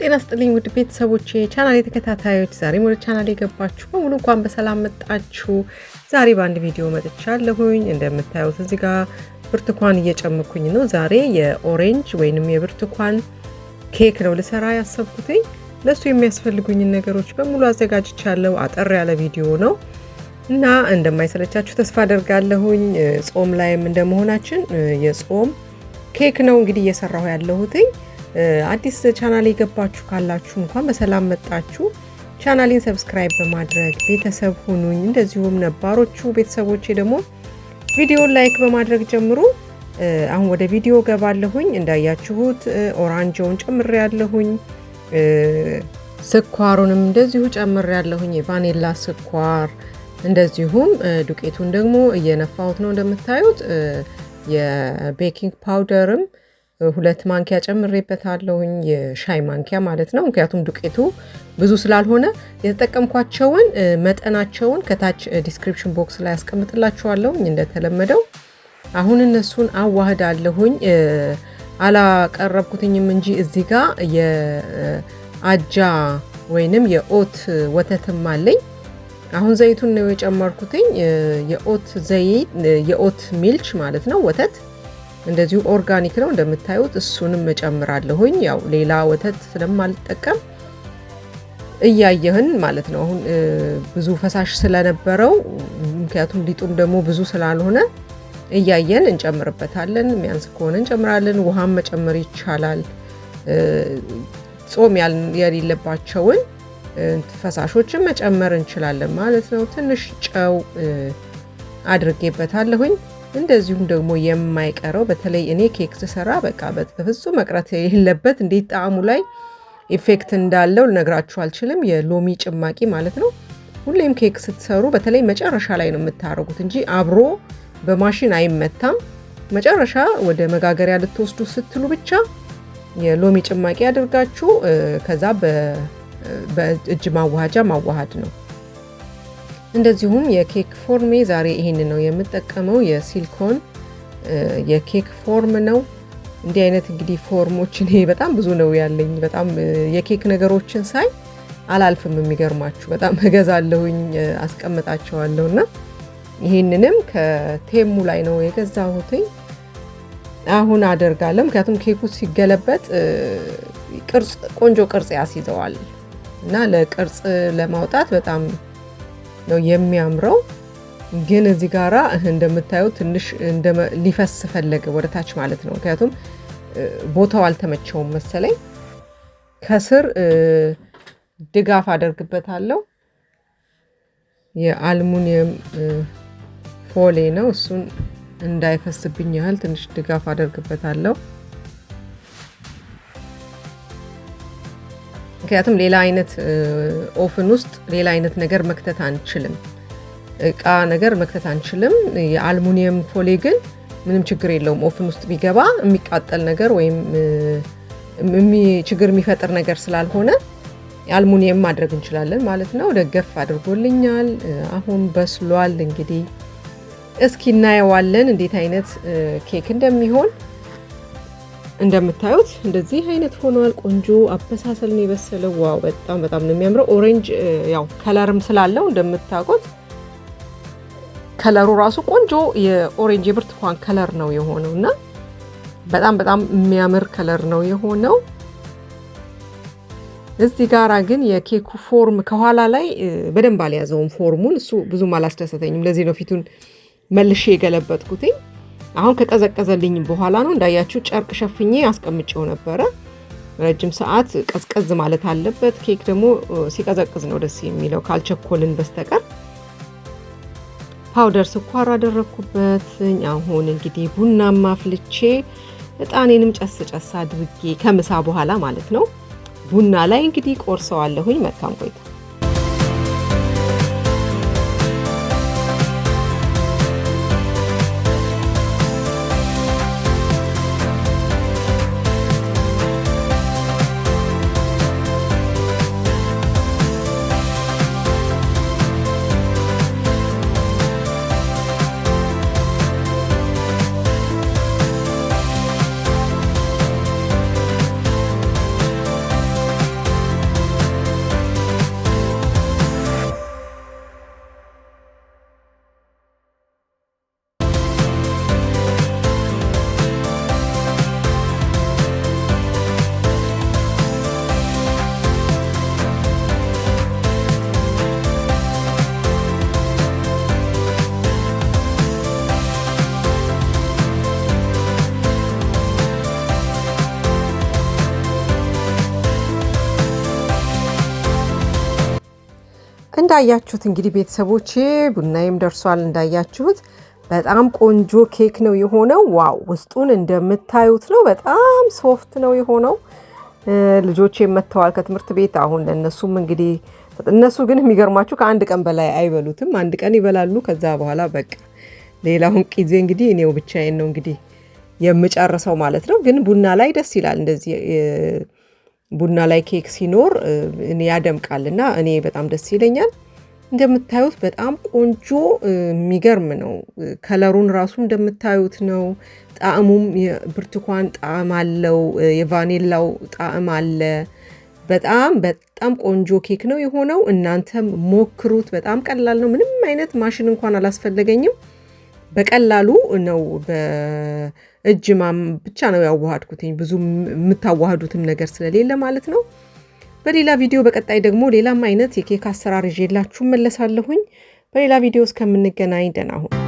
ጤና ስጥልኝ ውድ ቤተሰቦቼ ቻናሌ ተከታታዮች፣ ዛሬም ወደ ቻናሌ የገባችሁ በሙሉ እንኳን በሰላም መጣችሁ። ዛሬ በአንድ ቪዲዮ መጥቻለሁኝ። እንደምታዩት እዚህ ጋር ብርቱካን እየጨመኩኝ ነው። ዛሬ የኦሬንጅ ወይንም የብርቱካን ኬክ ነው ልሰራ ያሰብኩትኝ። ለእሱ የሚያስፈልጉኝን ነገሮች በሙሉ አዘጋጅቻለሁ። አጠር ያለ ቪዲዮ ነው እና እንደማይሰለቻችሁ ተስፋ አደርጋለሁኝ። ጾም ላይም እንደመሆናችን የጾም ኬክ ነው እንግዲህ እየሰራሁ ያለሁትኝ አዲስ ቻናል የገባችሁ ካላችሁ እንኳን በሰላም መጣችሁ። ቻናሌን ሰብስክራይብ በማድረግ ቤተሰብ ሁኑኝ። እንደዚሁም ነባሮቹ ቤተሰቦቼ ደግሞ ቪዲዮን ላይክ በማድረግ ጀምሩ። አሁን ወደ ቪዲዮ ገባለሁኝ። እንዳያችሁት ኦራንጆውን ጨምሬ ያለሁኝ ስኳሩንም እንደዚሁ ጨምሬ ያለሁኝ የቫኔላ ስኳር እንደዚሁም ዱቄቱን ደግሞ እየነፋሁት ነው እንደምታዩት የቤኪንግ ፓውደርም ሁለት ማንኪያ ጨምሬበታለሁኝ የሻይ ማንኪያ ማለት ነው። ምክንያቱም ዱቄቱ ብዙ ስላልሆነ የተጠቀምኳቸውን መጠናቸውን ከታች ዲስክሪፕሽን ቦክስ ላይ ያስቀምጥላችኋለሁኝ እንደተለመደው። አሁን እነሱን አዋህዳለሁኝ። አላቀረብኩትኝም እንጂ እዚህ ጋ የአጃ ወይንም የኦት ወተትም አለኝ። አሁን ዘይቱን ነው የጨመርኩትኝ። የኦት ዘይት የኦት ሚልች ማለት ነው ወተት እንደዚሁ ኦርጋኒክ ነው እንደምታዩት፣ እሱንም እጨምራለሁኝ። ያው ሌላ ወተት ስለማልጠቀም እያየህን ማለት ነው። አሁን ብዙ ፈሳሽ ስለነበረው ምክንያቱም ሊጡም ደግሞ ብዙ ስላልሆነ እያየን እንጨምርበታለን። ሚያንስ ከሆነ እንጨምራለን። ውሃም መጨመር ይቻላል። ጾም የሌለባቸውን ፈሳሾችን መጨመር እንችላለን ማለት ነው። ትንሽ ጨው አድርጌበታለሁኝ። እንደዚሁም ደግሞ የማይቀረው በተለይ እኔ ኬክ ስሰራ በቃ በፍጹም መቅረት የሌለበት እንዴት ጣዕሙ ላይ ኢፌክት እንዳለው ልነግራችሁ አልችልም። የሎሚ ጭማቂ ማለት ነው። ሁሌም ኬክ ስትሰሩ በተለይ መጨረሻ ላይ ነው የምታደርጉት እንጂ አብሮ በማሽን አይመታም። መጨረሻ ወደ መጋገሪያ ልትወስዱ ስትሉ ብቻ የሎሚ ጭማቂ አድርጋችሁ ከዛ በእጅ ማዋሃጃ ማዋሃድ ነው። እንደዚሁም የኬክ ፎርሜ ዛሬ ይህን ነው የምጠቀመው። የሲሊኮን የኬክ ፎርም ነው። እንዲህ አይነት እንግዲህ ፎርሞች እኔ በጣም ብዙ ነው ያለኝ። በጣም የኬክ ነገሮችን ሳይ አላልፍም። የሚገርማችሁ በጣም እገዛለሁኝ፣ አስቀምጣቸዋለሁ እና ይህንንም ከቴሙ ላይ ነው የገዛሁትኝ። አሁን አደርጋለሁ፣ ምክንያቱም ኬኩ ሲገለበጥ ቅርጽ ቆንጆ ቅርጽ ያስይዘዋል እና ለቅርጽ ለማውጣት በጣም ነው የሚያምረው። ግን እዚህ ጋራ እንደምታዩ ትንሽ ሊፈስ ፈለገ ወደ ታች ማለት ነው። ምክንያቱም ቦታው አልተመቸውም መሰለኝ። ከስር ድጋፍ አደርግበታለሁ። የአልሙኒየም ፎሌ ነው። እሱን እንዳይፈስብኝ ያህል ትንሽ ድጋፍ አደርግበታለሁ። ምክንያቱም ሌላ አይነት ኦፍን ውስጥ ሌላ አይነት ነገር መክተት አንችልም፣ እቃ ነገር መክተት አንችልም። የአልሙኒየም ፎሌ ግን ምንም ችግር የለውም። ኦፍን ውስጥ ቢገባ የሚቃጠል ነገር ወይም ችግር የሚፈጥር ነገር ስላልሆነ አልሙኒየም ማድረግ እንችላለን ማለት ነው። ደገፍ አድርጎልኛል። አሁን በስሏል። እንግዲህ እስኪ እናየዋለን እንዴት አይነት ኬክ እንደሚሆን እንደምታዩት እንደዚህ አይነት ሆኗል። ቆንጆ አበሳሰል ነው የበሰለው። ዋው በጣም በጣም ነው የሚያምረው። ኦሬንጅ ያው ከለርም ስላለው እንደምታውቁት ከለሩ ራሱ ቆንጆ የኦሬንጅ የብርቱካን ከለር ነው የሆነው እና በጣም በጣም የሚያምር ከለር ነው የሆነው። እዚህ ጋራ ግን የኬኩ ፎርም ከኋላ ላይ በደንብ አልያዘውም ፎርሙን። እሱ ብዙም አላስደሰተኝም። ለዚህ ነው ፊቱን መልሼ የገለበጥኩትኝ። አሁን ከቀዘቀዘልኝ በኋላ ነው እንዳያችሁ ጨርቅ ሸፍኜ አስቀምጬው ነበረ። ረጅም ሰዓት ቀዝቀዝ ማለት አለበት። ኬክ ደግሞ ሲቀዘቅዝ ነው ደስ የሚለው ካልቸኮልን በስተቀር። ፓውደር ስኳር አደረግኩበት። አሁን እንግዲህ ቡናማ አፍልቼ እጣኔንም ጨስ ጨስ አድርጌ ከምሳ በኋላ ማለት ነው ቡና ላይ እንግዲህ ቆርሰዋለሁኝ። መልካም ቆይታ እንዳያችሁት እንግዲህ ቤተሰቦቼ ቡናዬም ደርሷል። እንዳያችሁት በጣም ቆንጆ ኬክ ነው የሆነው። ዋው! ውስጡን እንደምታዩት ነው። በጣም ሶፍት ነው የሆነው። ልጆቼ መጥተዋል ከትምህርት ቤት። አሁን ለእነሱም እንግዲህ እነሱ ግን የሚገርማችሁ ከአንድ ቀን በላይ አይበሉትም። አንድ ቀን ይበላሉ። ከዛ በኋላ በቃ ሌላውን ጊዜ እንግዲህ እኔው ብቻዬን ነው እንግዲህ የምጨርሰው ማለት ነው። ግን ቡና ላይ ደስ ይላል እንደዚህ ቡና ላይ ኬክ ሲኖር ያደምቃል እና እኔ በጣም ደስ ይለኛል። እንደምታዩት በጣም ቆንጆ የሚገርም ነው። ከለሩን ራሱ እንደምታዩት ነው። ጣዕሙም የብርቱካን ጣዕም አለው፣ የቫኔላው ጣዕም አለ። በጣም በጣም ቆንጆ ኬክ ነው የሆነው። እናንተም ሞክሩት። በጣም ቀላል ነው። ምንም አይነት ማሽን እንኳን አላስፈለገኝም። በቀላሉ ነው እጅ ማም ብቻ ነው ያዋሃድኩትኝ። ብዙ የምታዋህዱትም ነገር ስለሌለ ማለት ነው። በሌላ ቪዲዮ በቀጣይ ደግሞ ሌላም አይነት የኬክ አሰራር ይዤላችሁ መለሳለሁኝ። በሌላ ቪዲዮ እስከምንገናኝ ደህና ሁኑ።